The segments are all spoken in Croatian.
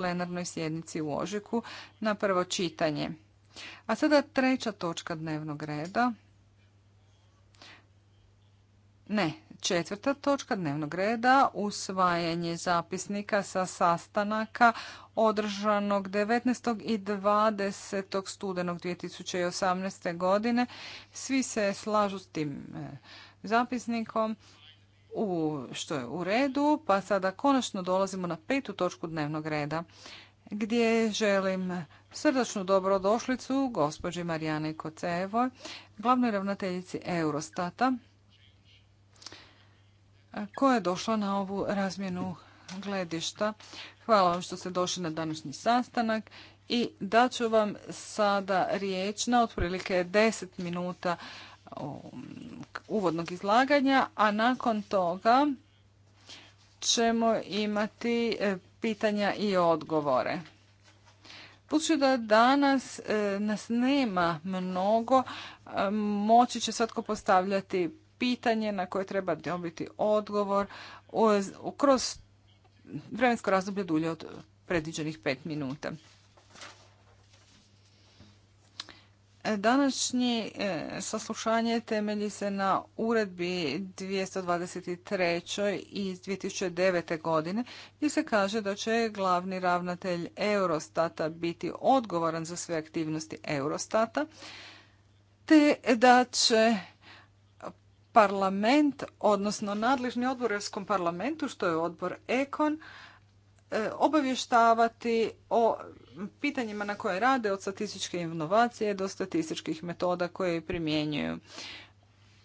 plenarnoj sjednici u Ožiku na prvo čitanje. A sada treća točka dnevnog reda. Ne, četvrta točka dnevnog reda usvajanje zapisnika sa sastanaka održanog 19. i 20. studenog 2018. godine. Svi se slažu s tim e, zapisnikom u, što je u redu, pa sada konačno dolazimo na petu točku dnevnog reda gdje želim srdačnu dobrodošlicu gospođi Marijane Kocevoj, glavnoj ravnateljici Eurostata, koja je došla na ovu razmjenu gledišta. Hvala vam što ste došli na današnji sastanak i daću vam sada riječ na otprilike 10 minuta uvodnog izlaganja, a nakon toga ćemo imati e, pitanja i odgovore. Budući da danas e, nas nema mnogo, e, moći će svatko postavljati pitanje na koje treba dobiti odgovor kroz vremensko razdoblje dulje od predviđenih pet minuta. Današnje saslušanje temelji se na uredbi 223. iz 2009. godine gdje se kaže da će glavni ravnatelj Eurostata biti odgovoran za sve aktivnosti Eurostata te da će parlament, odnosno nadležni odbor Europskom parlamentu, što je odbor Ekon, E, obavještavati o pitanjima na koje rade od statističke inovacije do statističkih metoda koje primjenjuju.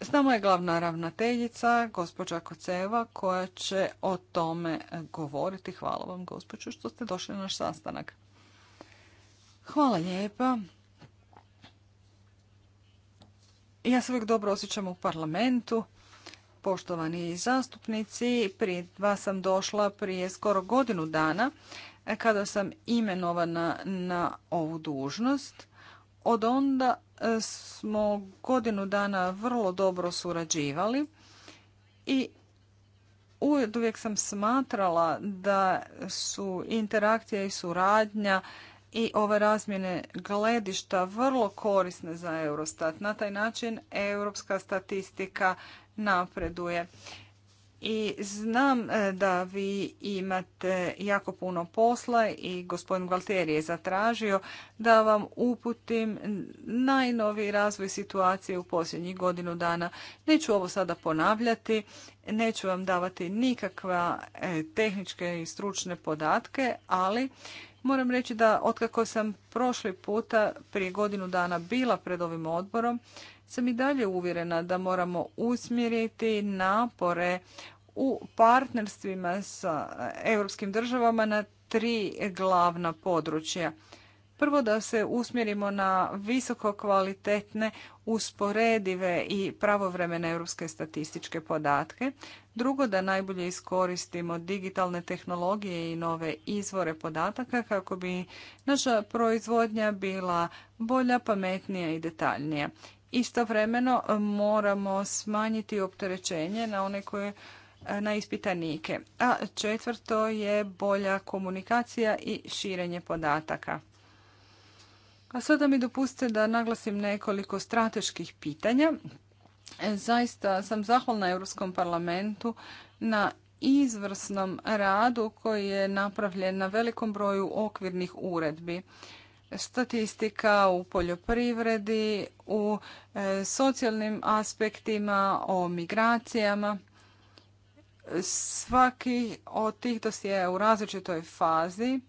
S nama je glavna ravnateljica, gospođa Koceva, koja će o tome govoriti. Hvala vam, gospođo, što ste došli na naš sastanak. Hvala lijepa. Ja se uvijek dobro osjećam u parlamentu Poštovani zastupnici, prije vas sam došla prije skoro godinu dana kada sam imenovana na ovu dužnost. Od onda e, smo godinu dana vrlo dobro surađivali i uvijek sam smatrala da su interakcija i suradnja i ove razmjene gledišta vrlo korisne za Eurostat. Na taj način europska statistika napreduje. I znam e, da vi imate jako puno posla i gospodin Gualtieri je zatražio da vam uputim najnoviji razvoj situacije u posljednjih godinu dana. Neću ovo sada ponavljati, neću vam davati nikakva e, tehničke i stručne podatke, ali moram reći da otkako sam prošli puta prije godinu dana bila pred ovim odborom, sam i dalje uvjerena da moramo usmjeriti napore u partnerstvima sa europskim državama na tri glavna područja. Prvo da se usmjerimo na visoko kvalitetne, usporedive i pravovremene europske statističke podatke. Drugo da najbolje iskoristimo digitalne tehnologije i nove izvore podataka kako bi naša proizvodnja bila bolja, pametnija i detaljnija. Istovremeno e, moramo smanjiti opterećenje na one koje e, na ispitanike. A četvrto je bolja komunikacija i širenje podataka. A sada mi dopustite da naglasim nekoliko strateških pitanja. E, zaista sam zahvalna Europskom parlamentu na izvrsnom radu koji je napravljen na velikom broju okvirnih uredbi statistika u poljoprivredi, u e, socijalnim aspektima, o migracijama. Svaki od tih dosjeja u različitoj fazi.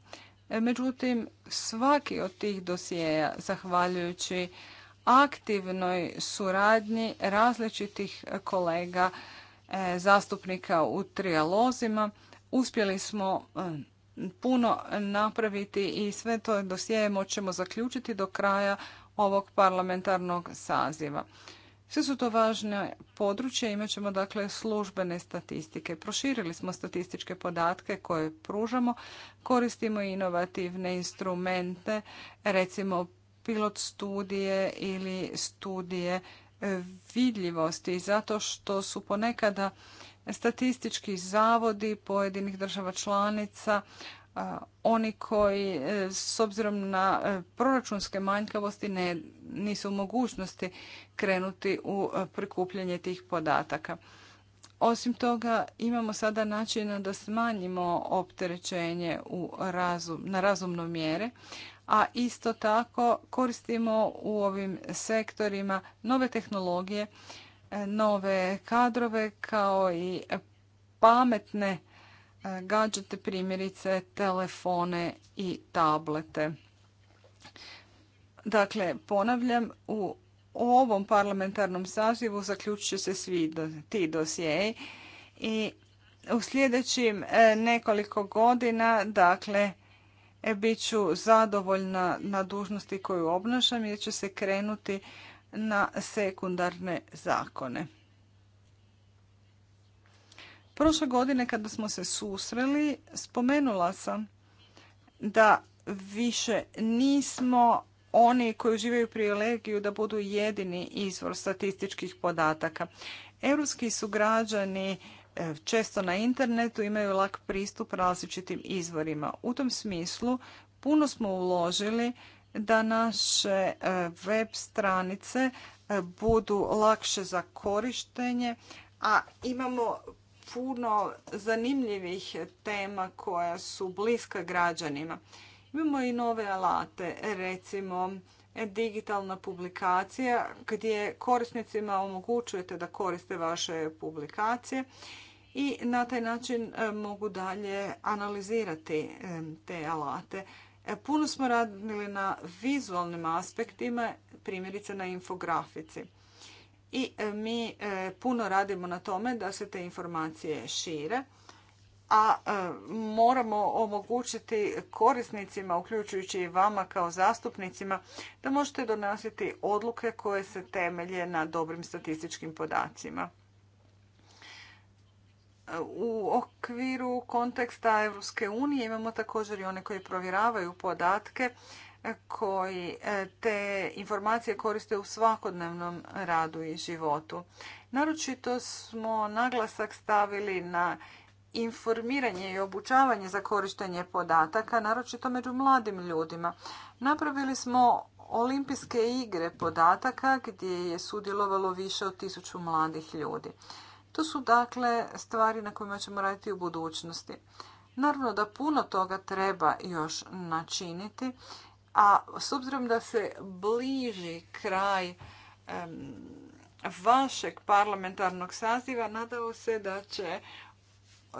E, međutim, svaki od tih dosjeja, zahvaljujući aktivnoj suradnji različitih kolega e, zastupnika u trijalozima, uspjeli smo puno napraviti i sve to dosije moćemo zaključiti do kraja ovog parlamentarnog saziva. Sve su to važne područje, imat ćemo dakle službene statistike. Proširili smo statističke podatke koje pružamo, koristimo inovativne instrumente, recimo pilot studije ili studije vidljivosti, zato što su ponekada statistički zavodi pojedinih država članica, oni koji e, s obzirom na e, proračunske manjkavosti ne, nisu u mogućnosti krenuti u e, prikupljanje tih podataka. Osim toga, imamo sada načina da smanjimo opterećenje u na razumno mjere, a isto tako koristimo u ovim sektorima nove tehnologije E, nove kadrove kao i pametne e, gađate primjerice telefone i tablete. Dakle, ponavljam, u ovom parlamentarnom sazivu zaključit će se svi ti dosjeji i u sljedećim e, nekoliko godina, dakle, bit ću zadovoljna na dužnosti koju obnašam jer će se krenuti na sekundarne zakone. Prošle godine kada smo se susreli, spomenula sam da više nismo oni koji uživaju privilegiju da budu jedini izvor statističkih podataka. Europski su građani e, često na internetu imaju lak pristup različitim izvorima. U tom smislu puno smo uložili da naše e, web stranice e, budu lakše za korištenje, a imamo puno zanimljivih tema koja su bliska građanima. Imamo i nove alate, recimo digitalna publikacija gdje korisnicima omogućujete da koriste vaše publikacije i na taj način e, mogu dalje analizirati te alate. E, puno smo radili na vizualnim aspektima, primjerice na infografici. I e, mi e, puno radimo na tome da se te informacije šire, a moramo omogućiti korisnicima, uključujući i vama kao zastupnicima, da možete donositi odluke koje se temelje na dobrim statističkim podacima. U okviru konteksta Europske unije imamo također i one koji provjeravaju podatke e, koji e, te informacije koriste u svakodnevnom radu i životu. Naročito smo naglasak stavili na informiranje i obučavanje za korištenje podataka, naročito među mladim ljudima. Napravili smo olimpijske igre podataka gdje je sudjelovalo više od tisuću mladih ljudi. To su dakle stvari na kojima ćemo raditi u budućnosti. Naravno da puno toga treba još načiniti, a s obzirom da se bliži kraj vašeg parlamentarnog saziva, nadao se da će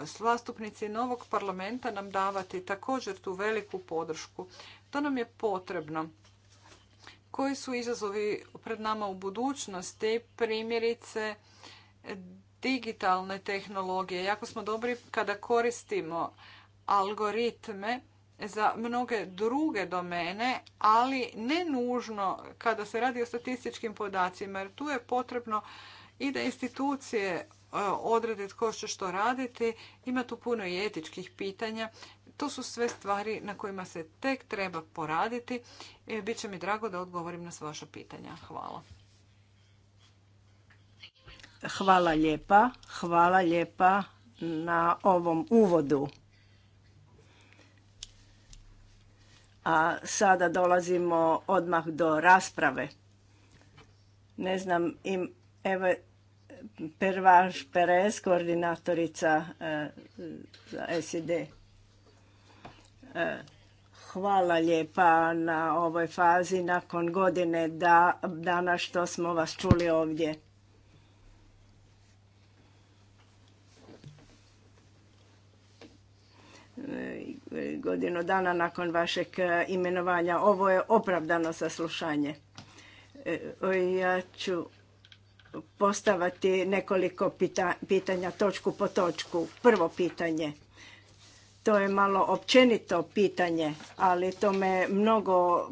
zastupnici novog parlamenta nam davati također tu veliku podršku. To nam je potrebno. Koji su izazovi pred nama u budućnosti? Primjerice, digitalne tehnologije. Jako smo dobri kada koristimo algoritme za mnoge druge domene, ali ne nužno kada se radi o statističkim podacima, jer tu je potrebno i da institucije e, odrede tko će što raditi. Ima tu puno i etičkih pitanja. To su sve stvari na kojima se tek treba poraditi. E, Biće mi drago da odgovorim na sva vaša pitanja. Hvala. Hvala lijepa, hvala lijepa na ovom uvodu. A sada dolazimo odmah do rasprave. Ne znam, im, evo, Pervaš Perez, koordinatorica e, za SID. E, hvala lijepa na ovoj fazi nakon godine da, danas što smo vas čuli ovdje. godinu dana nakon vašeg e, imenovanja. Ovo je opravdano saslušanje. E, e, ja ću postavati nekoliko pitanja točku po točku. Prvo pitanje. To je malo općenito pitanje, ali to me mnogo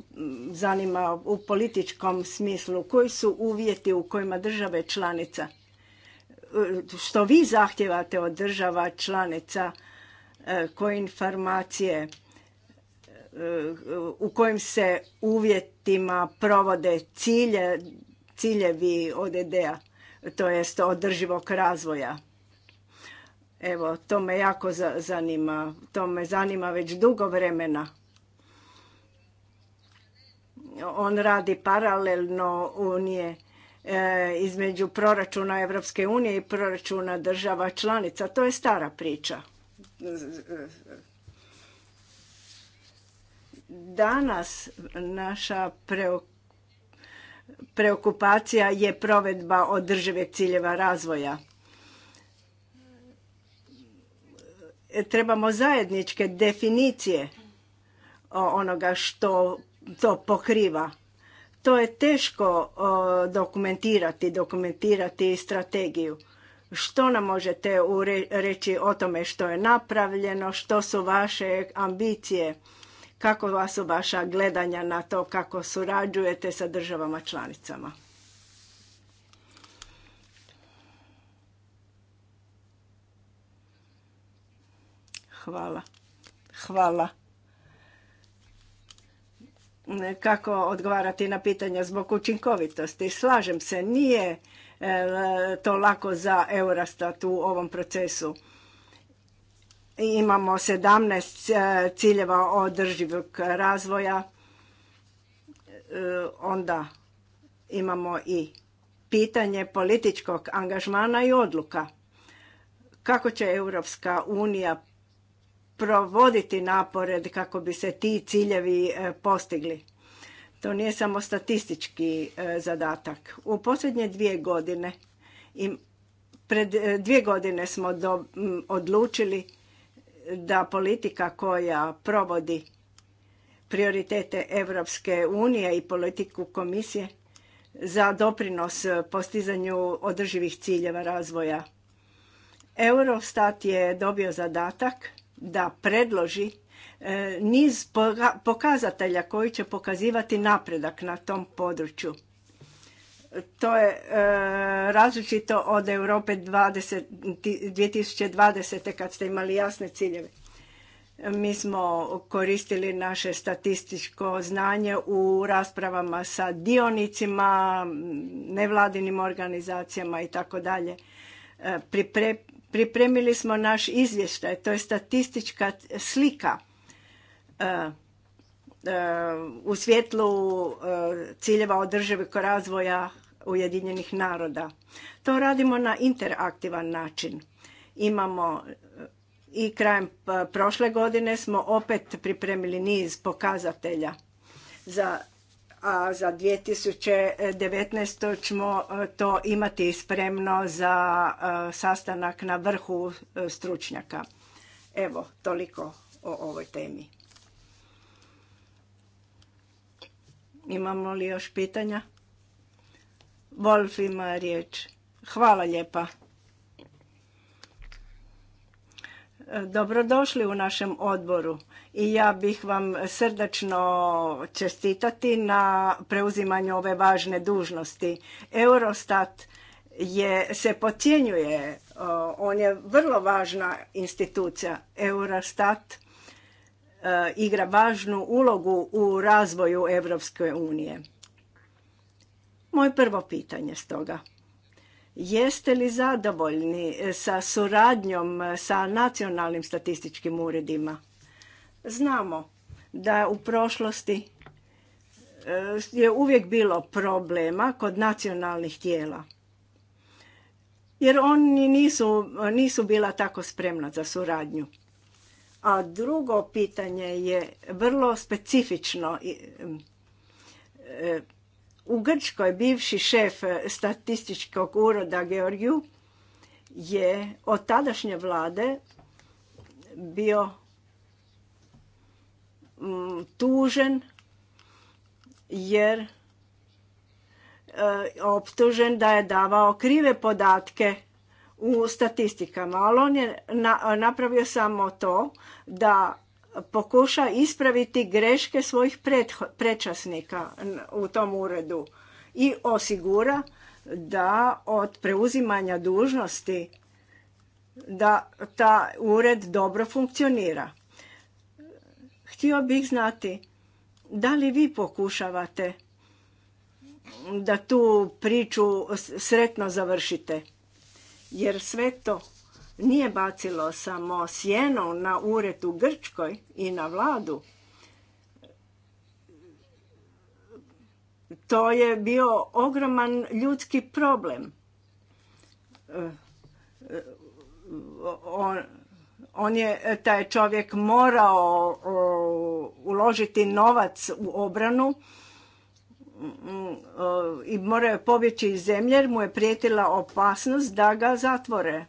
zanima u političkom smislu. Koji su uvjeti u kojima države članica, što vi zahtijevate od država članica, koje informacije e, u kojim se uvjetima provode cilje, ciljevi ODD-a, to jest održivog razvoja. Evo, to me jako zanima, to me zanima već dugo vremena. On radi paralelno unije e, između proračuna Europske unije i proračuna država članica. To je stara priča. Danas naša preokupacija je provedba održive ciljeva razvoja. E, trebamo zajedničke definicije onoga što to pokriva. To je teško dokumentirati, dokumentirati strategiju. Što nam možete reći o tome što je napravljeno, što su vaše ambicije, kako su vaša gledanja na to, kako surađujete sa državama članicama? Hvala. Hvala. Kako odgovarati na pitanja zbog učinkovitosti? Slažem se, nije E, to lako za Eurostat u ovom procesu. Imamo 17 e, ciljeva održivog razvoja, e, onda imamo i pitanje političkog angažmana i odluka. Kako će Europska unija provoditi napored kako bi se ti ciljevi postigli? To nije samo statistički e, zadatak. U posljednje dvije godine, pred e, dvije godine smo odlučili da politika koja provodi prioritete Europske unije i politiku komisije za doprinos postizanju održivih ciljeva razvoja. Eurostat je dobio zadatak da predloži E, niz pokazatelja koji će pokazivati napredak na tom području. To je e, različito od Europe 2020. kad ste imali jasne ciljeve. Mi smo koristili naše statističko znanje u raspravama sa dionicima, nevladinim organizacijama i tako dalje. E, pripremili smo naš izvještaj, to je statistička slika E, e, u svjetlu e, ciljeva održivog razvoja Ujedinjenih naroda. To radimo na interaktivan način. Imamo i krajem prošle godine smo opet pripremili niz pokazatelja za a za 2019. ćemo to imati spremno za sastanak na vrhu stručnjaka. Evo, toliko o ovoj temi. Imamo li još pitanja? Wolf ima riječ. Hvala lijepa. E, dobrodošli u našem odboru i ja bih vam srdačno čestitati na preuzimanju ove važne dužnosti. Eurostat je, se pocijenjuje, e, on je vrlo važna institucija. Eurostat E, igra važnu ulogu u razvoju Europske unije. Moje prvo pitanje stoga. Jeste li zadovoljni sa suradnjom sa nacionalnim statističkim uredima? Znamo da u prošlosti e, je uvijek bilo problema kod nacionalnih tijela. Jer oni nisu, nisu bila tako spremna za suradnju. A drugo pitanje je vrlo specifično. E, u Grčkoj bivši šef statističkog uroda Georgiju je od tadašnje vlade bio mm, tužen jer e, optužen da je davao krive podatke u statistikama, ali on je napravio samo to da pokuša ispraviti greške svojih prečasnika u tom uredu i osigura da od preuzimanja dužnosti da ta ured dobro funkcionira. Htio bih znati da li vi pokušavate da tu priču sretno završite jer sve to nije bacilo samo sjeno na ured u Grčkoj i na vladu. To je bio ogroman ljudski problem. On, je, taj čovjek morao uložiti novac u obranu i moraju pobjeći iz zemlje jer mu je prijetila opasnost da ga zatvore,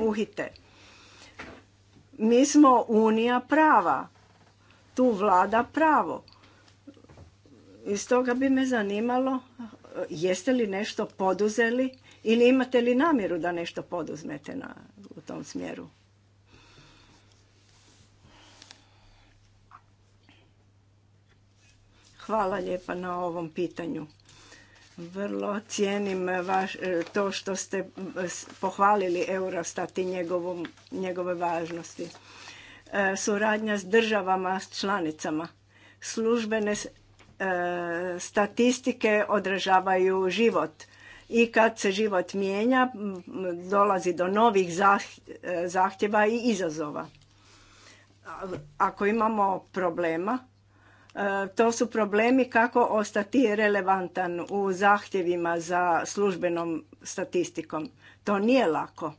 uhite. Mi smo unija prava, tu vlada pravo. Iz toga bi me zanimalo jeste li nešto poduzeli ili imate li namjeru da nešto poduzmete u tom smjeru. Hvala lijepa na ovom pitanju. Vrlo cijenim eh, eh, to što ste eh, pohvalili Eurostat i njegove važnosti. suradnja s državama, s članicama. Službene statistike odražavaju život. I kad se život mijenja, dolazi do novih zahtjeva i izazova. Ako imamo problema, E, to su problemi kako ostati relevantan u zahtjevima za službenom statistikom. To nije lako.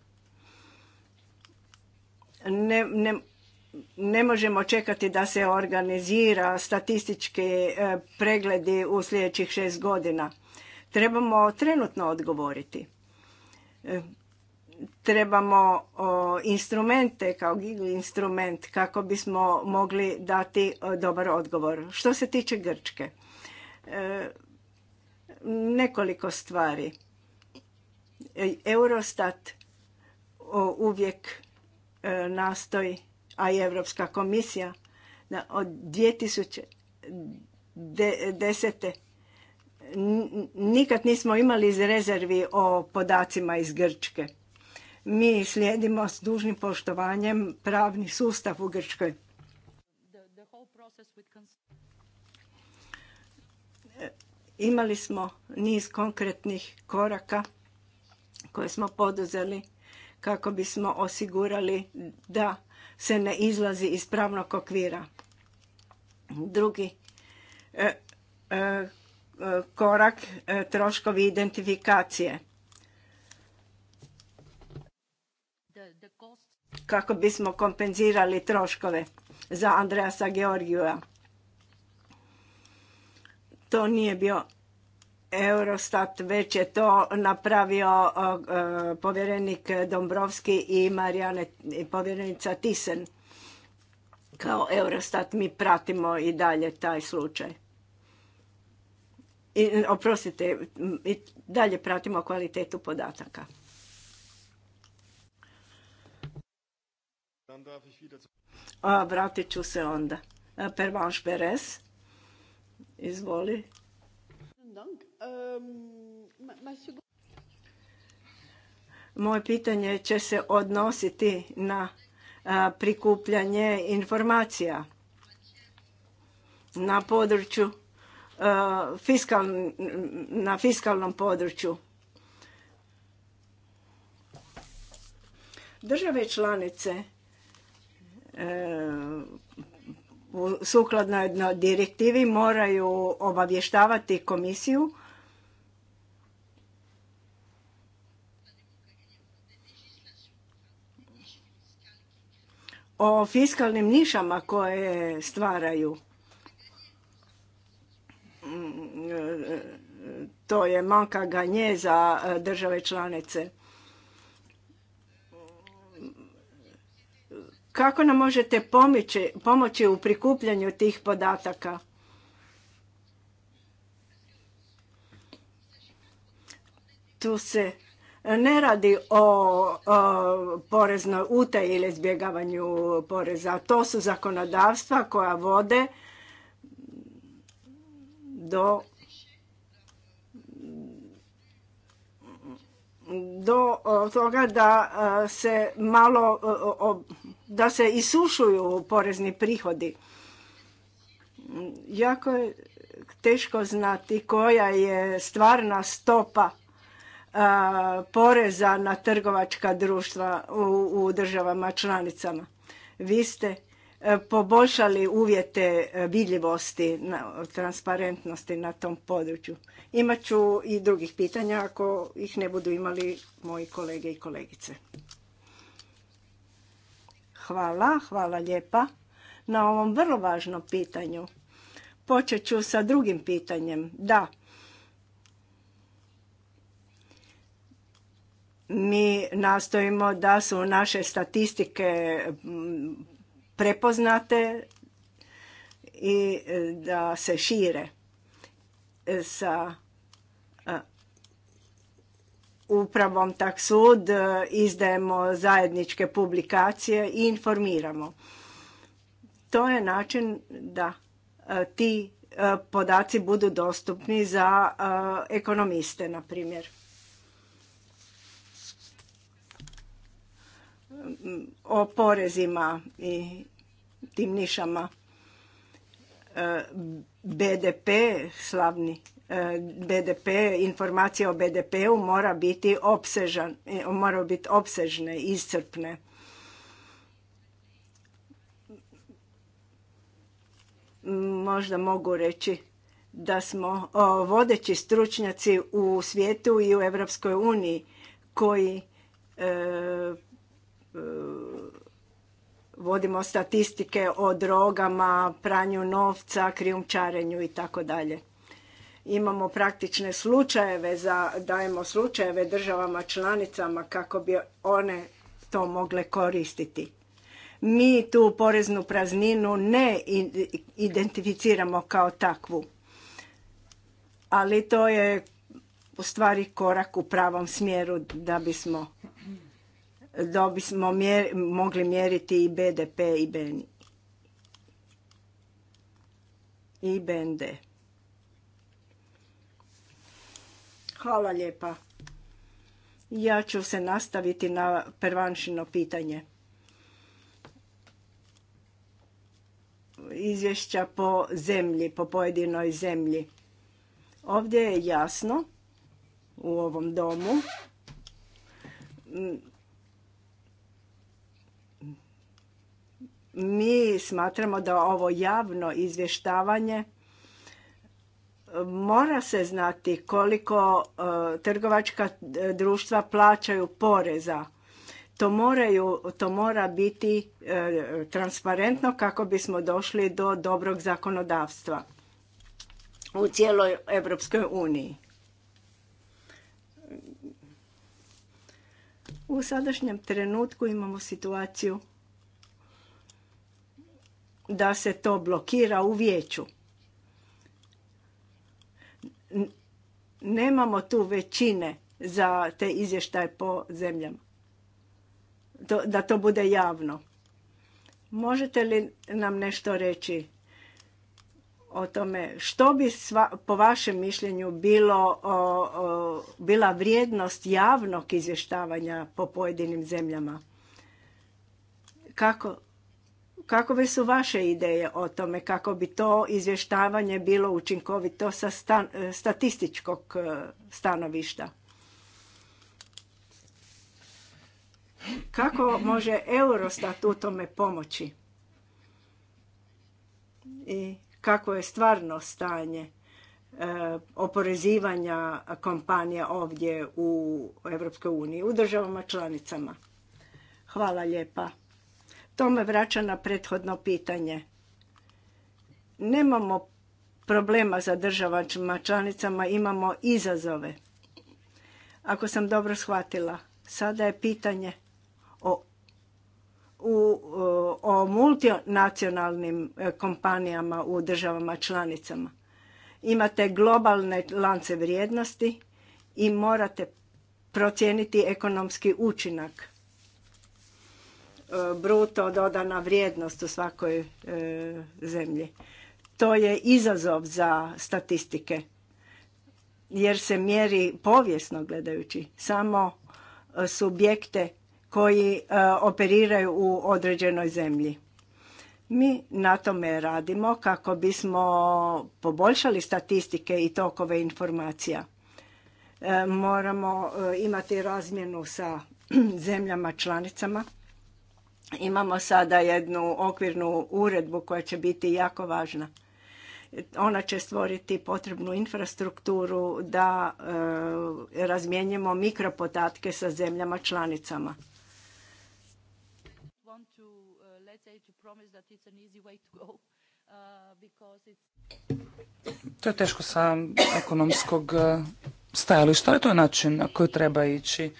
Ne, ne, možemo čekati da se organizira statistički e, pregledi u sljedećih šest godina. Trebamo trenutno odgovoriti. E, trebamo instrumente kao gigli instrument kako bismo mogli dati dobar odgovor. Što se tiče Grčke, e, nekoliko stvari. E, Eurostat uvijek e, nastoji, a i Europska komisija, od 2010. nikad nismo imali iz rezervi o podacima iz Grčke mi slijedimo s dužnim poštovanjem pravni sustav u Grčkoj. Imali smo niz konkretnih koraka koje smo poduzeli kako bismo osigurali da se ne izlazi iz pravnog okvira. Drugi e, e, e, korak troškovi identifikacije kako bismo kompenzirali troškove za Andreasa Georgijeva. To nije bio Eurostat, već je to napravio povjerenik Dombrovski i Marijane povjerenica Tisen. Kao Eurostat mi pratimo i dalje taj slučaj. oprostite, i dalje pratimo kvalitetu podataka. vratit ću se onda. E, Pervanš Beres, izvoli. Ehm, Moje pitanje će se odnositi na e, prikupljanje informacija na području e, na fiskalnom području. Države članice E, sukladno jednoj direktivi moraju obavještavati komisiju o fiskalnim nišama koje stvaraju. Mm, e, to je manka ganje za e, države članice. Kako nam možete pomoći u prikupljanju tih podataka? Tu se ne radi o, poreznoj utaji ili izbjegavanju poreza. To su zakonodavstva koja vode do do toga da se malo da se isušuju porezni prihodi. Jako je teško znati koja je stvarna stopa poreza na trgovačka društva u, u državama članicama. Vi ste e, poboljšali uvjete e, vidljivosti, transparentnosti na tom području. Imaću i drugih pitanja ako ih ne budu imali moji kolege i kolegice. Hvala, hvala lijepa na ovom vrlo važnom pitanju. Počet ću sa drugim pitanjem. Da, mi nastojimo da su naše statistike mm, prepoznate i e, da se šire sa upravom Taksud e, izdajemo zajedničke publikacije i informiramo. To je način da e, ti e, podaci budu dostupni za ekonomiste, na primjer. O porezima i tim nišama. BDP, slavni BDP, informacija o BDP-u mora biti opsežan, e, moraju biti opsežne, iscrpne. Možda mogu reći da smo vodeći stručnjaci u svijetu i u Europskoj uniji koji e, e, vodimo statistike o drogama, pranju novca, krijumčarenju i tako dalje. Imamo praktične slučajeve, za, dajemo slučajeve državama članicama kako bi one to mogle koristiti. Mi tu poreznu prazninu ne identificiramo kao takvu, ali to je u stvari korak u pravom smjeru da bismo da bismo mogli mjeriti i BDP i BND. I BND. Hvala lijepa. Ja ću se nastaviti na prvanšino pitanje. Izvješća po zemlji, po pojedinoj zemlji. Ovdje je jasno u ovom domu mi smatramo da ovo javno izvještavanje mora se znati koliko e, trgovačka e, društva plaćaju poreza. To, moraju, to mora biti e, transparentno kako bismo došli do dobrog zakonodavstva u cijeloj Europskoj uniji. U sadašnjem trenutku imamo situaciju da se to blokira u vijeću nemamo tu većine za te izvještaje po zemljama. da to bude javno. Možete li nam nešto reći o tome što bi po vašem mišljenju bilo, bila vrijednost javnog izvještavanja po pojedinim zemljama? Kako Kakove su vaše ideje o tome kako bi to izvještavanje bilo učinkovito sa e, statističkog e, stanovišta? Kako može Eurostat u tome pomoći? I kako je stvarno stanje e, oporezivanja kompanija ovdje u EU u državama članicama? Hvala lijepa. To me vraća na prethodno pitanje. Nemamo problema sa državama članicama, imamo izazove. Ako sam dobro shvatila, sada je pitanje o, u, o multinacionalnim e, kompanijama u državama članicama. Imate globalne lance vrijednosti i morate procijeniti ekonomski učinak E, bruto dodana vrijednost u svakoj e, zemlji. To je izazov za statistike jer se mjeri povijesno gledajući samo e, subjekte koji operiraju u određenoj zemlji. Mi na tome radimo kako bismo poboljšali statistike i tokove informacija. Moramo imati razmjenu sa zemljama članicama Imamo sada jednu okvirnu uredbu koja će biti jako važna. Ona će stvoriti potrebnu infrastrukturu da e, mikropodatke sa zemljama članicama. To je teško sa ekonomskog e, stajališta, ali to je način na koji treba ići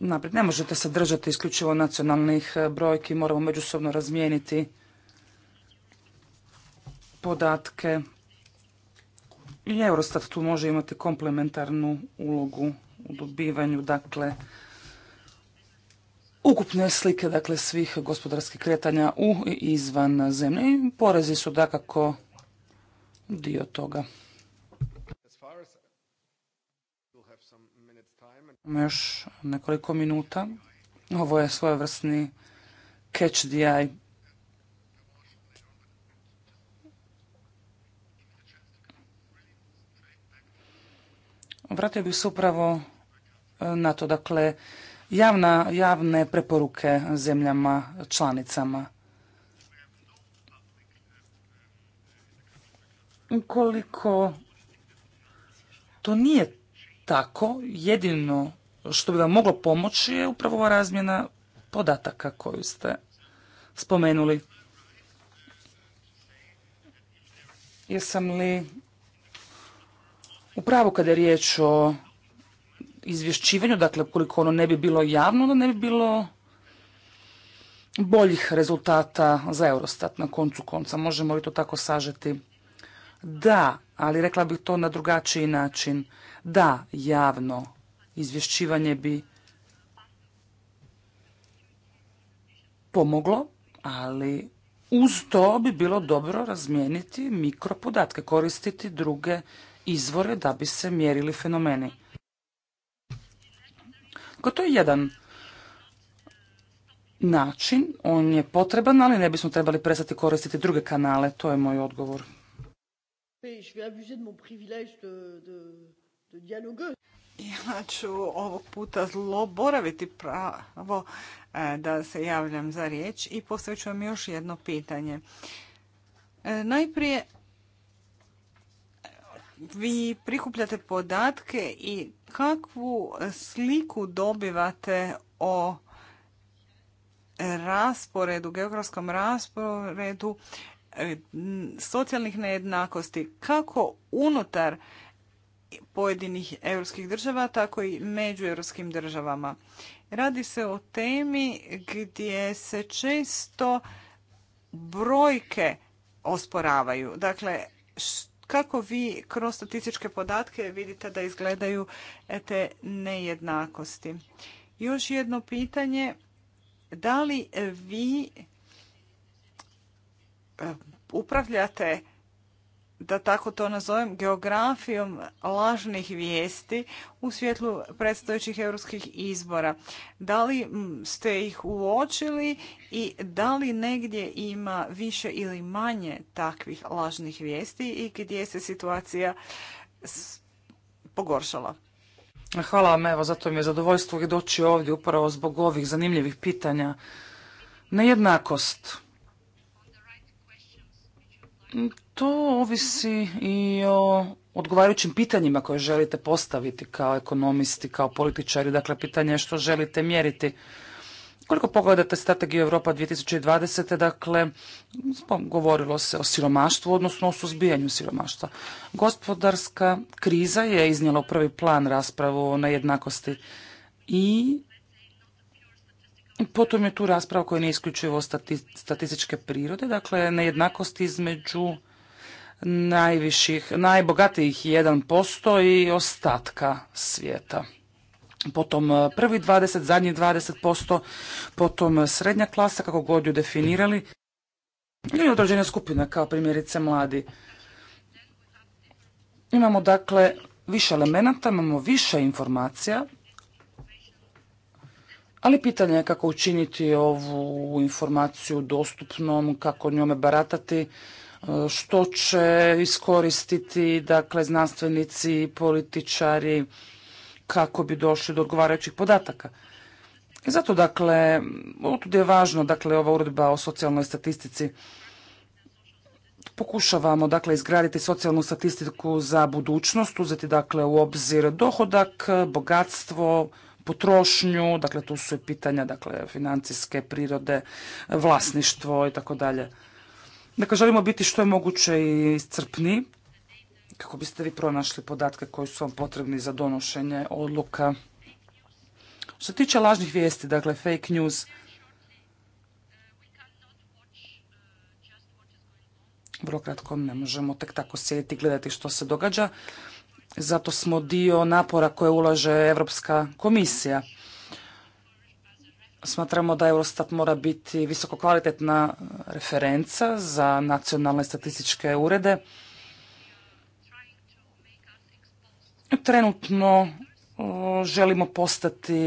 naprijed. Ne možete se držati isključivo nacionalnih e, brojki, moramo međusobno razmijeniti podatke. I Eurostat tu može imati komplementarnu ulogu u dobivanju, dakle, ukupne slike dakle svih gospodarskih kretanja u i izvan zemlje. I porezi su dakako dio toga. Imamo još nekoliko minuta. Ovo je svojevrsni catch the eye. Vratio bih se upravo e, na to, dakle, javne preporuke zemljama članicama. Ukoliko to nije tako, jedino što bi vam moglo pomoći je upravo ova razmjena podataka koju ste spomenuli. Jesam li upravo kada je riječ o izvješćivanju, dakle koliko ono ne bi bilo javno, da ne bi bilo boljih rezultata za Eurostat na koncu konca. Možemo li to tako sažeti? Da, ali rekla bih to na drugačiji način. Da, javno izvješćivanje bi pomoglo, ali uz to bi bilo dobro razmijeniti mikropodatke, koristiti druge izvore da bi se mjerili fenomeni. Dakle, to je jedan način, on je potreban, ali ne bismo trebali prestati koristiti druge kanale, to je moj odgovor. Ja ću ovog puta zloboraviti pravo e, da se javljam za riječ i postavit ću vam još jedno pitanje. E, najprije, e, vi prikupljate podatke i kakvu sliku dobivate o rasporedu, geografskom rasporedu socijalnih nejednakosti, kako unutar pojedinih europskih država, tako i među europskim državama. Radi se o temi gdje se često brojke osporavaju. Dakle, kako vi kroz statističke podatke vidite da izgledaju te nejednakosti? Još jedno pitanje, da li vi e, upravljate da tako to nazovem, geografijom lažnih vijesti u svjetlu predstojećih europskih izbora. Da li ste ih uočili i da li negdje ima više ili manje takvih lažnih vijesti i gdje se situacija pogoršala? Hvala vam, evo, zato mi je zadovoljstvo doći ovdje upravo zbog ovih zanimljivih pitanja. Nejednakost to ovisi i o odgovarajućim pitanjima koje želite postaviti kao ekonomisti, kao političari, dakle pitanje što želite mjeriti. Koliko pogledate strategiju Europa 2020. dakle, govorilo se o siromaštvu, odnosno o suzbijanju siromaštva. Gospodarska kriza je iznijela u prvi plan raspravu o nejednakosti i potom je tu rasprava koja nije isključivo statističke prirode, dakle, nejednakosti između najviših, najbogatijih 1% i ostatka svijeta. Potom e, prvi 20, zadnji 20%, potom srednja klasa, kako god ju definirali, ili određene skupine, kao primjerice mladi. Imamo dakle više elemenata, imamo više informacija, ali pitanje je kako učiniti ovu informaciju dostupnom, kako njome baratati, što će iskoristiti dakle znanstvenici i političari kako bi došli do odgovarajućih podataka. I zato dakle, je važno dakle ova uredba o socijalnoj statistici. Pokušavamo dakle izgraditi socijalnu statistiku za budućnost, uzeti dakle u obzir dohodak, bogatstvo, potrošnju, dakle tu su i pitanja dakle financijske prirode, vlasništvo i tako dalje. Dakle, želimo biti što je moguće i iscrpniji kako biste vi pronašli podatke koji su vam potrebni za donošenje odluka. Što se tiče lažnih vijesti, dakle fake news, vrlo kratko ne možemo tek tako sjediti i gledati što se događa. Zato smo dio napora koje ulaže Europska komisija. Smatramo da Eurostat mora biti visoko kvalitetna referenca za nacionalne statističke urede. Trenutno želimo postati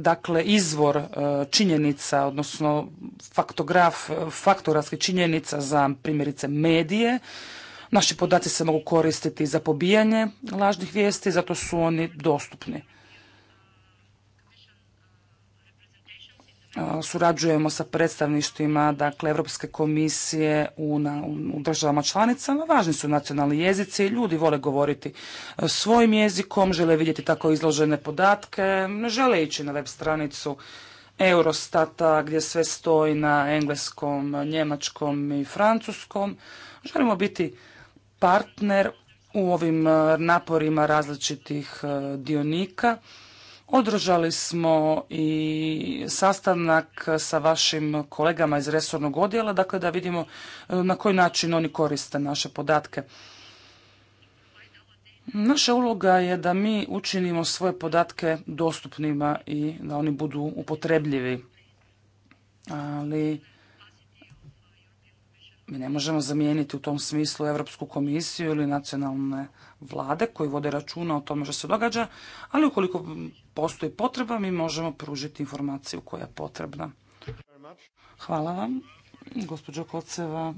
dakle izvor e, činjenica odnosno faktograf faktografski činjenica za primjerice medije. Naši podaci se mogu koristiti za pobijanje lažnih vijesti, zato su oni dostupni. surađujemo sa predstavništima dakle Europske komisije u, na, u državama članicama. Važni su nacionalni jezici, ljudi vole govoriti e, svojim jezikom, žele vidjeti tako izložene podatke, ne žele ići na web stranicu Eurostata gdje sve stoji na engleskom, njemačkom i francuskom. Želimo biti partner u ovim e, naporima različitih e, dionika Održali smo i sastanak sa vašim kolegama iz resornog odjela, dakle da vidimo e, na koji način oni koriste naše podatke. Naša uloga je da mi učinimo svoje podatke dostupnima i da oni budu upotrebljivi. Ali mi ne možemo zamijeniti u tom smislu Europsku komisiju ili nacionalne vlade koji vode računa o tome što se događa, ali ukoliko postoji potreba mi možemo pružiti informaciju koja je potrebna. Hvala vam, gospođo Koceva,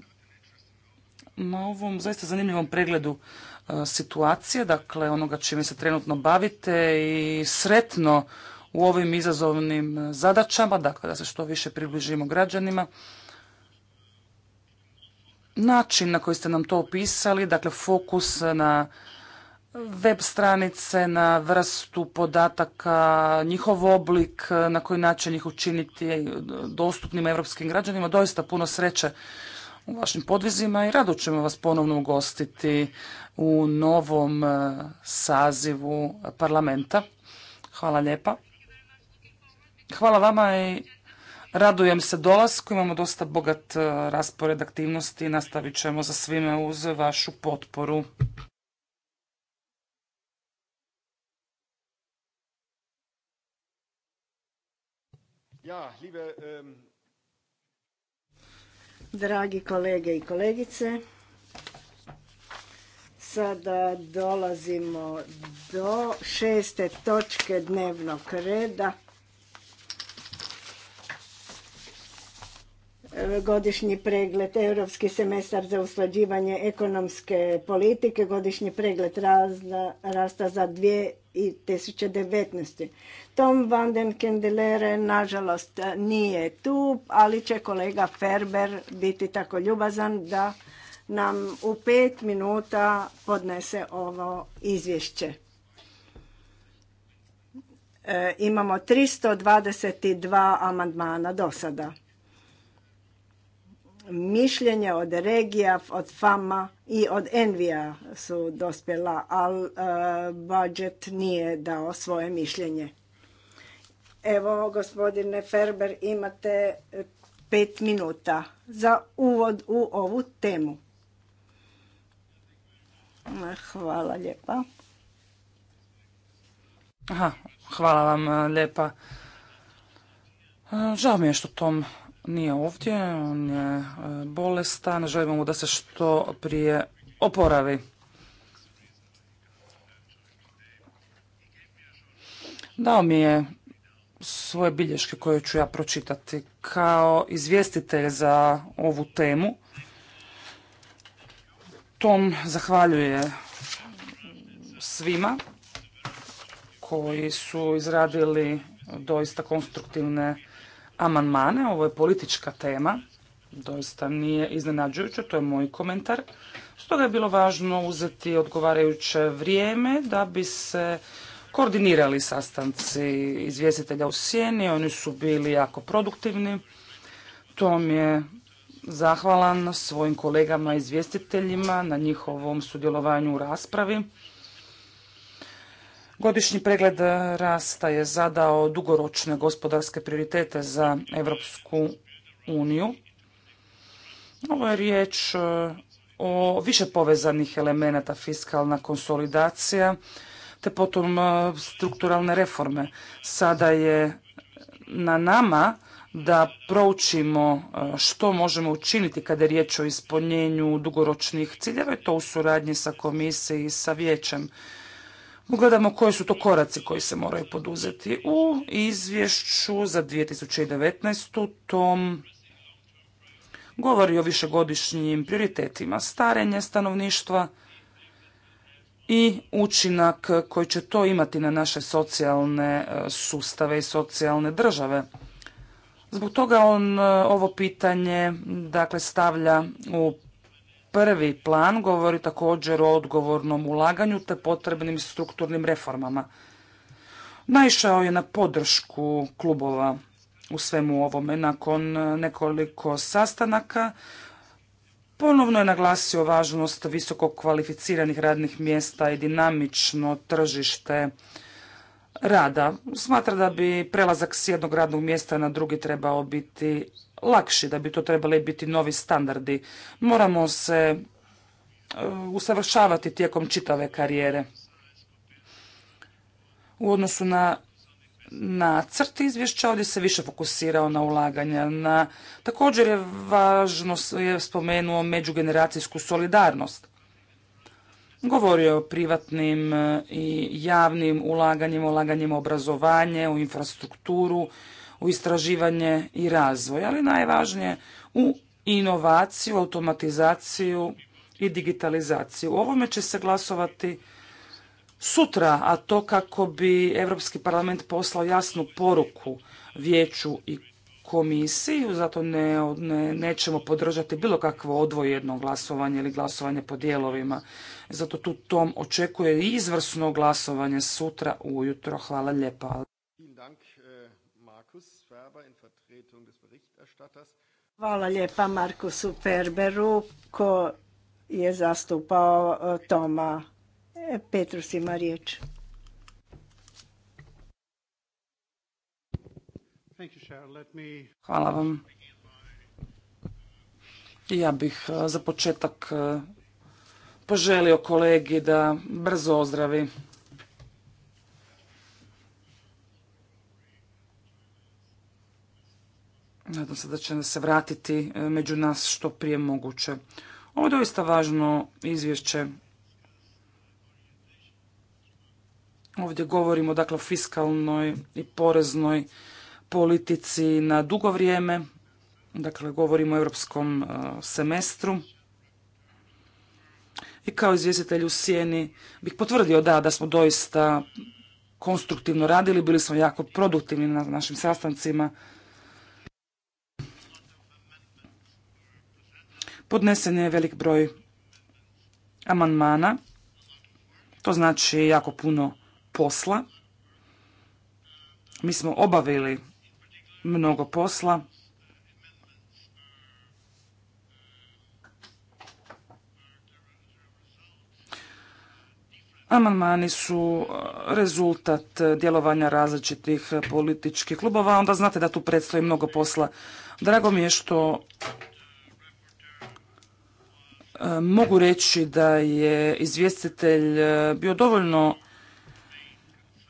na ovom zaista zanimljivom pregledu e, situacije, dakle onoga čime se trenutno bavite i sretno u ovim izazovnim e, zadaćama, dakle da se što više približimo građanima način na koji ste nam to opisali, dakle fokus na web stranice, na vrstu podataka, njihov oblik, na koji način ih učiniti dostupnim evropskim građanima. Doista puno sreće u vašim podvizima i rado ćemo vas ponovno ugostiti u novom e, sazivu parlamenta. Hvala lijepa. Hvala vama i Radujem se dolasku, imamo dosta bogat e, raspored aktivnosti i nastavit ćemo za svime uz vašu potporu. Ja, Dragi kolege i kolegice, sada dolazimo do šeste točke dnevnog reda godišnji pregled, europski semestar za usklađivanje ekonomske politike, godišnji pregled rasta za 2019. Tom van den Kendelere, nažalost, nije tu, ali će kolega Ferber biti tako ljubazan da nam u pet minuta podnese ovo izvješće. E, imamo 322 amandmana do sada mišljenja od regija, od FAMA i od Envija su dospjela, ali e, budžet nije dao svoje mišljenje. Evo, gospodine Ferber, imate pet minuta za uvod u ovu temu. Hvala lijepa. Aha, hvala vam e, lijepa. E, žao mi je što tom nije ovdje, on je e, bolestan, želimo mu da se što prije oporavi. Dao mi je svoje bilješke koje ću ja pročitati kao izvjestitelj za ovu temu. Tom zahvaljuje svima koji su izradili doista konstruktivne amandmane. Ovo je politička tema, doista nije iznenađujuće, to je moj komentar. Stoga je bilo važno uzeti odgovarajuće vrijeme da bi se koordinirali sastanci izvjestitelja u sjeni. Oni su bili jako produktivni. Tom je zahvalan svojim kolegama izvjestiteljima na njihovom sudjelovanju u raspravi. Godišnji pregled rasta je zadao dugoročne gospodarske prioritete za Europsku uniju. Ovo je riječ e, o više povezanih elemenata fiskalna konsolidacija, te potom e, strukturalne reforme. Sada je na nama da proučimo e, što možemo učiniti kada je riječ o ispunjenju dugoročnih ciljeva i to u suradnji sa komisiji i sa vijećem. Pogledamo koji su to koraci koji se moraju poduzeti. U izvješću za 2019. tom govori o višegodišnjim prioritetima starenje stanovništva i učinak koji će to imati na naše socijalne e, sustave i socijalne države. Zbog toga on e, ovo pitanje dakle stavlja u Prvi plan govori također o odgovornom ulaganju te potrebnim strukturnim reformama. Naišao je na podršku klubova u svemu ovome. Nakon nekoliko sastanaka ponovno je naglasio važnost visoko kvalificiranih radnih mjesta i dinamično tržište rada. Smatra da bi prelazak s jednog radnog mjesta na drugi trebao biti lakši, da bi to trebali biti novi standardi. Moramo se e, usavršavati tijekom čitave karijere. U odnosu na nacrt izvješća ovdje se više fokusirao na ulaganja. Na, također je važno je spomenuo međugeneracijsku solidarnost. Govorio je o privatnim e, i javnim ulaganjima, ulaganjima obrazovanje, u infrastrukturu, u istraživanje i razvoj, ali najvažnije u inovaciju, automatizaciju i digitalizaciju. U ovome će se glasovati sutra, a to kako bi Europski parlament poslao jasnu poruku vijeću i komisiju, zato ne, nećemo podržati bilo kakvo odvojedno glasovanje ili glasovanje po dijelovima. Zato tu Tom očekuje izvrsno glasovanje sutra ujutro. Hvala lijepa. Hvala lijepa Marku Superberu ko je zastupao e, Toma. E, Petrus ima riječ. Hvala vam. Ja bih e, za početak poželio kolegi da brzo ozdravi Nadam se da će se vratiti e, među nas što prije moguće. Ovo je doista važno izvješće. Ovdje govorimo dakle o fiskalnoj i poreznoj politici na dugo vrijeme. Dakle, govorimo o europskom e, semestru. I kao izvjestitelj u Sjeni bih potvrdio da, da smo doista konstruktivno radili, bili smo jako produktivni na našim sastancima. Podnesen je velik broj amandmana, to znači jako puno posla. Mi smo obavili mnogo posla. Amandmani su uh, rezultat djelovanja različitih političkih klubova, onda znate da tu predstoji mnogo posla. Drago mi je što E, mogu reći da je izvjestitelj e, bio dovoljno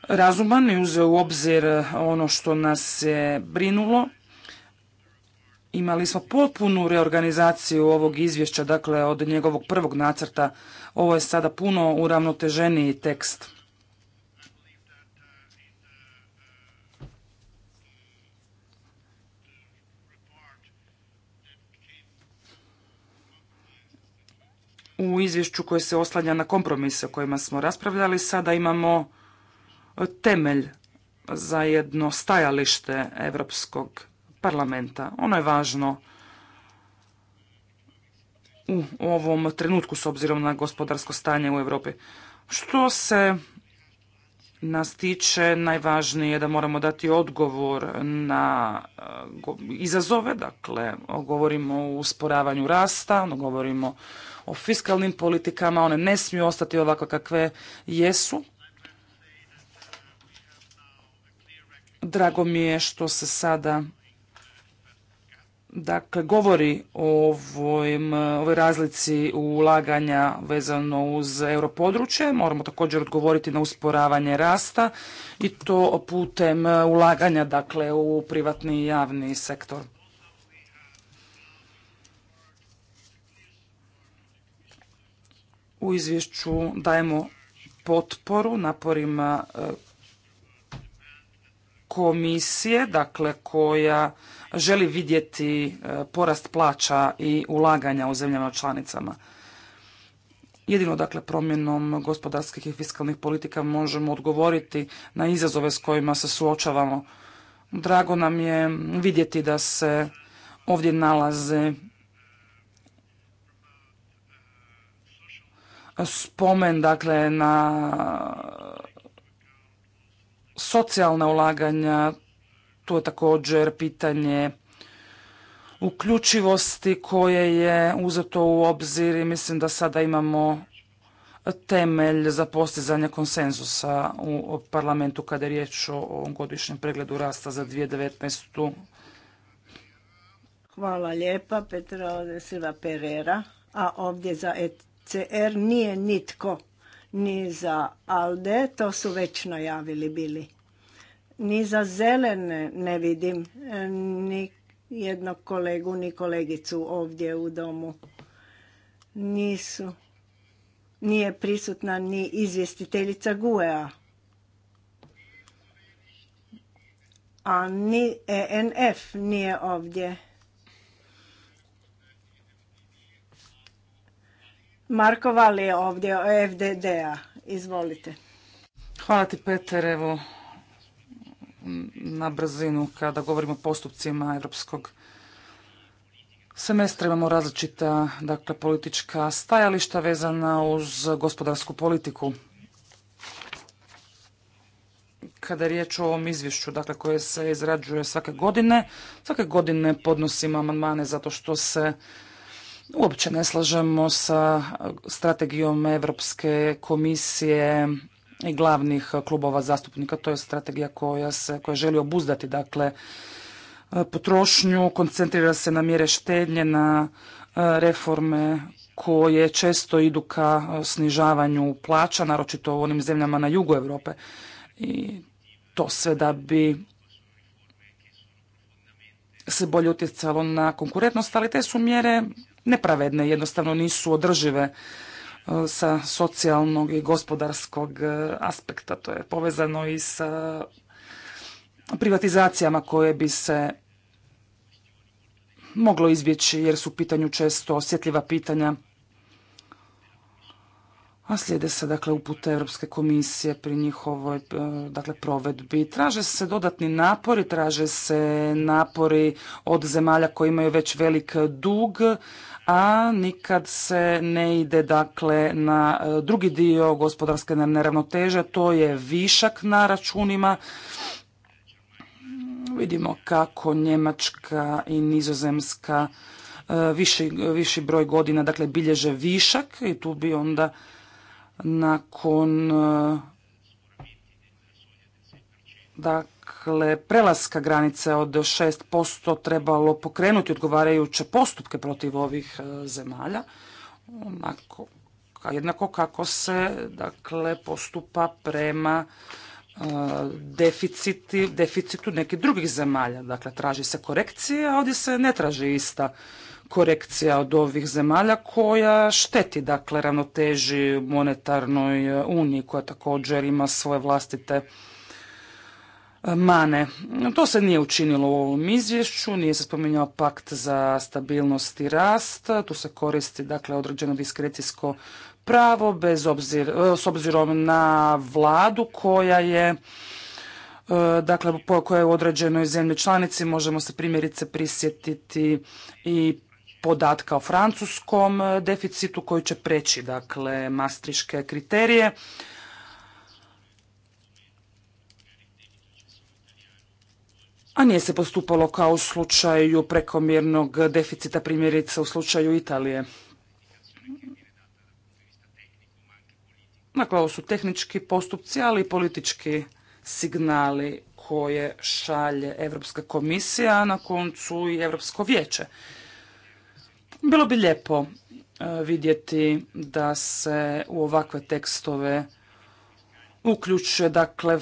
razuman i uzeo u obzir ono što nas je brinulo. Imali smo potpunu reorganizaciju ovog izvješća, dakle od njegovog prvog nacrta. Ovo je sada puno uravnoteženiji tekst. u izvješću koje se oslanja na kompromise o kojima smo raspravljali. Sada imamo temelj za jedno stajalište Europskog parlamenta. Ono je važno u ovom trenutku s obzirom na gospodarsko stanje u Europi. Što se nas tiče, najvažnije je da moramo dati odgovor na e, izazove, dakle govorimo o usporavanju rasta, ono, govorimo o fiskalnim politikama, one ne smiju ostati ovako kakve jesu. Drago mi je što se sada dakle govori o ovoj, ovoj razlici ulaganja vezano uz europodručje. Moramo također odgovoriti na usporavanje rasta i to putem ulaganja dakle u privatni i javni sektor. U izvješću dajemo potporu naporima e, komisije, dakle koja želi vidjeti e, porast plaća i ulaganja u zemljama članicama. Jedino dakle promjenom gospodarskih i fiskalnih politika možemo odgovoriti na izazove s kojima se suočavamo. Drago nam je vidjeti da se ovdje nalaze spomen dakle na socijalna ulaganja, tu je također pitanje uključivosti koje je uzeto u obzir i mislim da sada imamo temelj za postizanje konsenzusa u parlamentu kada je riječ o ovom godišnjem pregledu rasta za 2019. Hvala lijepa Petra Silva Perera. a ovdje za ECR nije nitko ni za ALDE, to su već najavili bili. Ni za zelene ne vidim e, ni jednog kolegu ni kolegicu ovdje u domu. Nisu. Nije prisutna ni izvjestiteljica GUEA. A ni ENF nije ovdje. Marko je ovdje, FDD-a. Izvolite. Hvala ti, Peter. Evo, na brzinu kada govorimo o postupcima europskog semestra. Imamo različita dakle, politička stajališta vezana uz gospodarsku politiku. Kada je riječ o ovom izvješću dakle, koje se izrađuje svake godine, svake godine podnosimo amandmane zato što se uopće ne slažemo sa strategijom Europske komisije glavnih e, klubova zastupnika. To je strategija koja, se, koja želi obuzdati dakle, e, potrošnju, koncentrira se na mjere štednje, na e, reforme koje često idu ka snižavanju plaća, naročito u onim zemljama na jugu Europe. I to sve da bi se bolje utjecalo na konkurentnost, ali te su mjere nepravedne, jednostavno nisu održive sa socijalnog i gospodarskog e, aspekta. To je povezano i sa privatizacijama koje bi se moglo izbjeći jer su u pitanju često osjetljiva pitanja. A slijede se dakle upute Europske komisije pri njihovoj e, dakle, provedbi. Traže se dodatni napori, traže se napori od zemalja koji imaju već velik dug, a nikad se ne ide dakle na e, drugi dio gospodarske neravnoteže, to je višak na računima. Vidimo kako Njemačka i Nizozemska e, viši, broj godina dakle bilježe višak i tu bi onda nakon e, da dakle, dakle prelaska granice od 6% trebalo pokrenuti odgovarajuće postupke protiv ovih e, zemalja, onako, jednako kako se dakle postupa prema e, deficitu nekih drugih zemalja. Dakle, traži se korekcija, a ovdje se ne traži ista korekcija od ovih zemalja koja šteti dakle ravnoteži monetarnoj e, uniji koja također ima svoje vlastite mane. To se nije učinilo u ovom izvješću, nije se spominjao pakt za stabilnost i rast, tu se koristi dakle određeno diskrecijsko pravo bez obzir, e, s obzirom na vladu koja je e, dakle po je u određenoj zemlji članici možemo se primjerice prisjetiti i podatka o francuskom deficitu koji će preći dakle mastriške kriterije a nije se postupalo kao u slučaju prekomjernog deficita primjerice u slučaju Italije. Dakle, ovo su tehnički postupci, ali i politički signali koje šalje Europska komisija, a na koncu i Europsko vijeće. Bilo bi lijepo e, vidjeti da se u ovakve tekstove uključuje dakle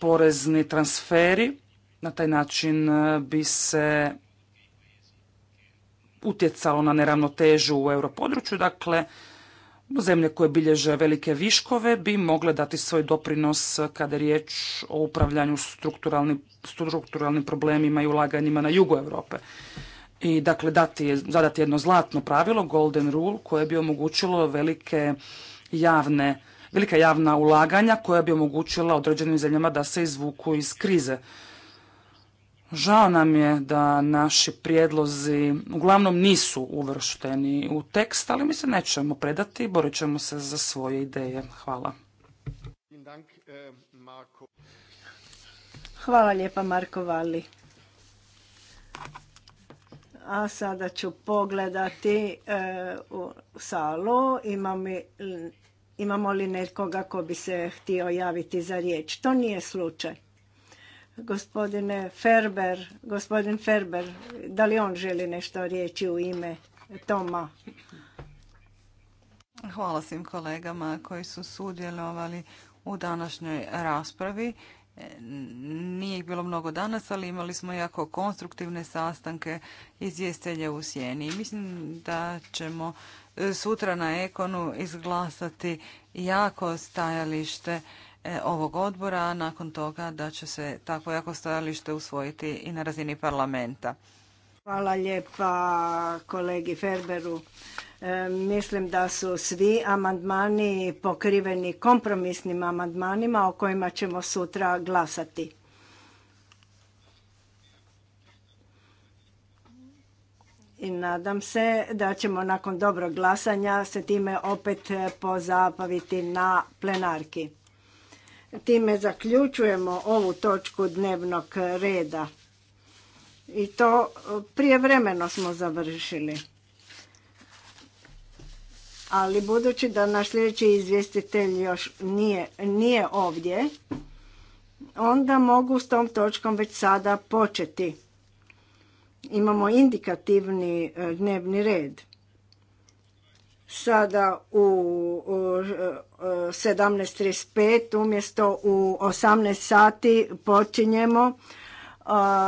porezni transferi na taj način e, bi se utjecalo na neravnotežu u europodručju, dakle zemlje koje bilježe velike viškove bi mogle dati svoj doprinos kada je riječ o upravljanju strukturalnim, problemima i ulaganjima na jugu Europe. I dakle dati, zadati jedno zlatno pravilo, golden rule, koje bi omogućilo velike javne, velika javna ulaganja koja bi omogućila određenim zemljama da se izvuku iz krize. Žao nam je da naši prijedlozi uglavnom nisu uvršteni u tekst, ali mi se nećemo predati, borit ćemo se za svoje ideje. Hvala. Hvala lijepa Marko Vali. A sada ću pogledati e, u salu imamo li nekoga ko bi se htio javiti za riječ. To nije slučaj. Gospodine Ferber, gospodin Ferber, da li on želi nešto riječi u ime Toma? Hvala svim kolegama koji su sudjelovali u današnjoj raspravi. Nije ih bilo mnogo danas, ali imali smo jako konstruktivne sastanke izvjestelja u Sjeni. Mislim da ćemo e, sutra na Ekonu izglasati jako stajalište E, ovog odbora, a nakon toga da će se takvo jako stajalište usvojiti i na razini parlamenta. Hvala lijepa kolegi Ferberu. E, mislim da su svi amandmani pokriveni kompromisnim amandmanima o kojima ćemo sutra glasati. I nadam se da ćemo nakon dobrog glasanja se time opet e, pozabaviti na plenarki. Time zaključujemo ovu točku dnevnog reda. I to e, prijevremeno smo završili. Ali budući da naš sljedeći izvjestitelj još nije, nije ovdje, onda mogu s tom točkom već sada početi. Imamo indikativni e, dnevni red sada u 17.35 e, umjesto u 18 sati počinjemo e,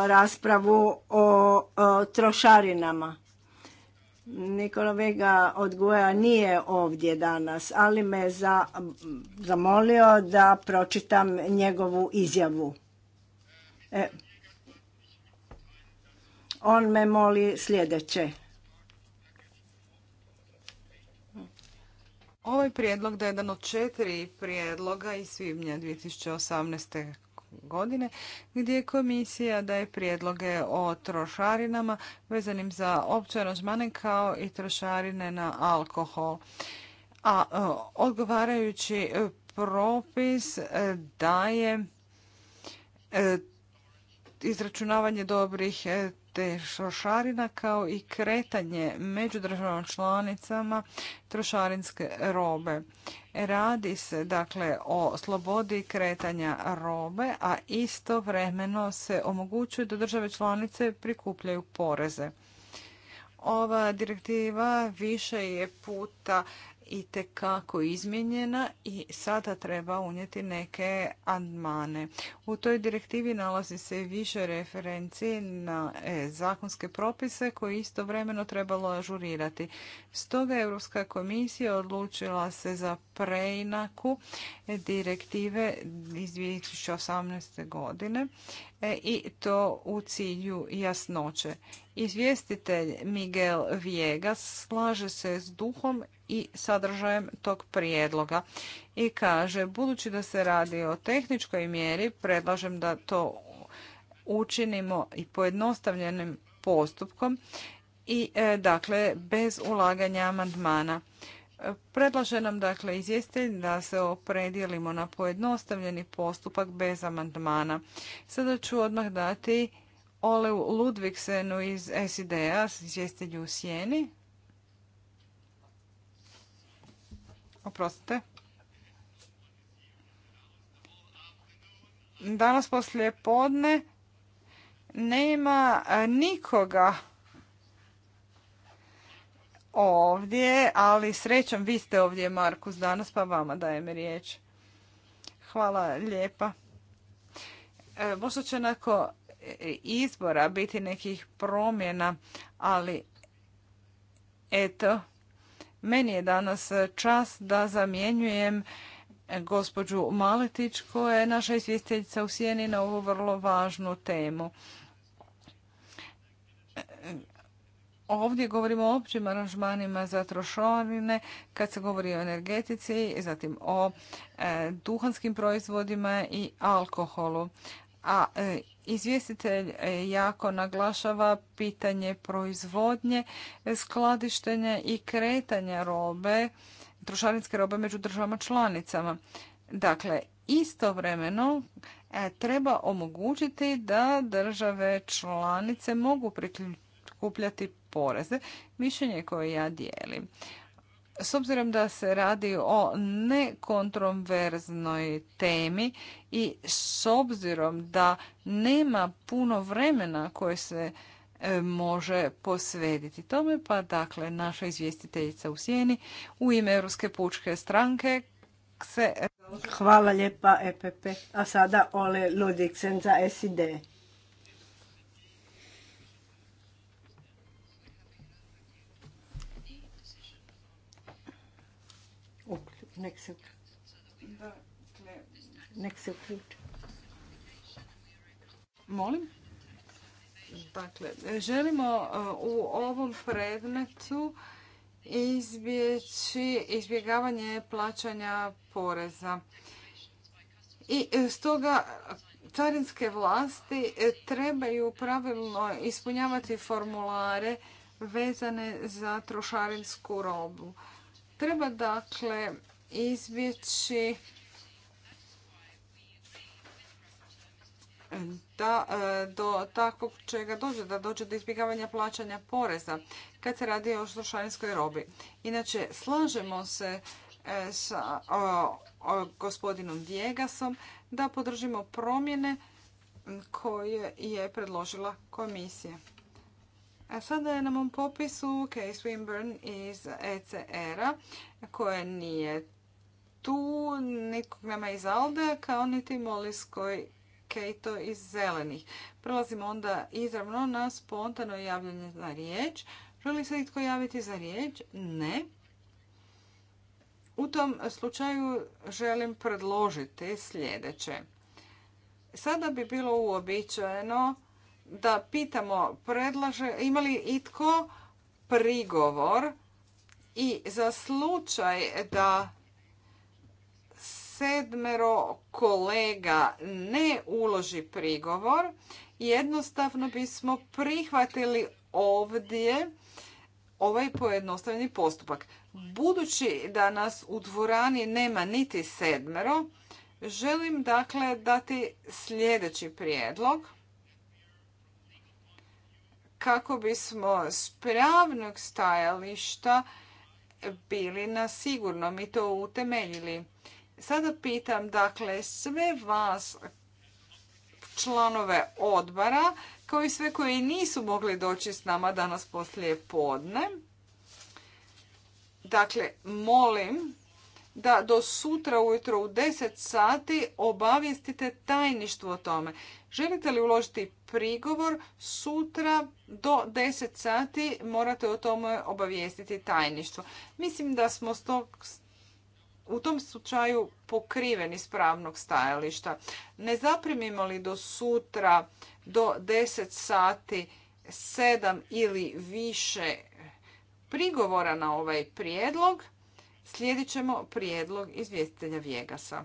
raspravu o trošarinama. Nikola Vega od nije ovdje danas, ali me za, zamolio da pročitam njegovu izjavu. E, on me moli sljedeće. Ovaj prijedlog da je jedan od četiri prijedloga iz svibnja 2018. godine gdje komisija daje prijedloge o trošarinama vezanim za opće aranžmane kao i trošarine na alkohol. A e, odgovarajući propis e, daje e, izračunavanje dobrih trošarina kao i kretanje među državama članicama trošarinske robe. Radi se dakle o slobodi kretanja robe, a istovremeno se omogućuje da države članice prikupljaju poreze. Ova direktiva više je puta i tekako izmijenjena i sada treba unijeti neke admane. U toj direktivi nalazi se više referenci na e, zakonske propise koje istovremeno trebalo ažurirati. Stoga je Europska komisija odlučila se za preinaku direktive iz 2018. godine E, i to u cilju jasnoće. Izvjestitelj Miguel Viegas slaže se s duhom i sadržajem tog prijedloga i kaže budući da se radi o tehničkoj mjeri predlažem da to učinimo i pojednostavljenim postupkom i e, dakle bez ulaganja amandmana. Predlaže nam dakle izvjestitelj da se opredijelimo na pojednostavljeni postupak bez amandmana. Sada ću odmah dati Oleu Ludviksenu iz SID-a, izvjestitelju u Sjeni. Oprostite. Danas poslije podne nema nikoga ovdje, ali srećom vi ste ovdje Markus danas pa vama dajem riječ. Hvala lijepa. E, možda će nakon e, izbora biti nekih promjena, ali eto, meni je danas čas da zamjenjujem gospođu Maletić koja je naša izvjestiteljica u Sjeni na ovu vrlo važnu temu. Ovdje govorimo o općim aranžmanima za trošarine, kad se govori o energetici, zatim o e, duhanskim proizvodima i alkoholu. A e, izvjestitelj e, jako naglašava pitanje proizvodnje, skladištenja i kretanja robe, trošarinske robe među državama članicama. Dakle, istovremeno treba omogućiti da države članice mogu prikupljati poreze, mišljenje koje ja dijelim. S obzirom da se radi o nekontroverznoj temi i s obzirom da nema puno vremena koje se e, može posvediti tome, pa dakle naša izvjestiteljica u sjeni u ime Europske pučke stranke se... Hvala lijepa EPP, a sada Ole Ludiksen za SID. Nek se Nek se uključi. Molim? Dakle, želimo uh, u ovom predmetu izbjeći izbjegavanje plaćanja poreza. I e, stoga carinske vlasti e, trebaju pravilno ispunjavati formulare vezane za trošarinsku robu. Treba dakle izbjeći da e, do takvog čega dođe, da dođe do izbjegavanja plaćanja poreza kad se radi o slušanjskoj robi. Inače, slažemo se e, sa gospodinom Dijegasom da podržimo promjene koje je predložila komisija. A sada je na mom popisu Case Swinburne iz ECR-a, koje nije tu, nikog nema iz Alde, kao niti Moliskoj Kejto iz Zelenih. Prelazimo onda izravno na spontano javljanje za riječ. Želi se itko javiti za riječ? Ne. U tom slučaju želim predložiti sljedeće. Sada bi bilo uobičajeno da pitamo predlaže, ima li itko prigovor i za slučaj da sedmero kolega ne uloži prigovor, jednostavno bismo prihvatili ovdje ovaj pojednostavni postupak. Budući da nas u dvorani nema niti sedmero, želim dakle dati sljedeći prijedlog kako bismo s pravnog stajališta bili na sigurnom i to utemeljili. Sada pitam, dakle, sve vas članove odbora, kao i sve koji nisu mogli doći s nama danas poslije podne. Dakle, molim da do sutra ujutro u 10 sati obavijestite tajništvo o tome. Želite li uložiti prigovor, sutra do 10 sati morate o tome obavijestiti tajništvo. Mislim da smo s u tom slučaju pokriveni iz pravnog stajališta. Ne zaprimimo li do sutra do 10 sati 7 ili više prigovora na ovaj prijedlog, slijedit ćemo prijedlog izvjestitelja Vjegasa.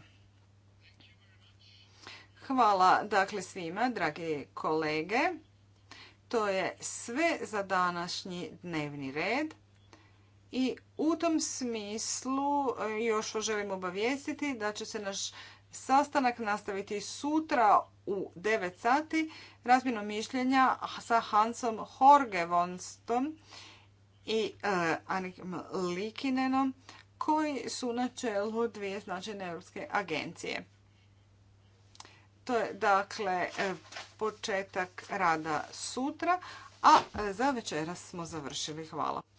Hvala dakle svima, dragi kolege. To je sve za današnji dnevni red. I u tom smislu e, još želim obavijestiti da će se naš sastanak nastaviti sutra u 9 sati razmjeno mišljenja sa Hansom Horgevonstom i e, Anikom Likinenom koji su na čelu dvije značajne europske agencije. To je dakle e, početak rada sutra, a za večeras smo završili. Hvala.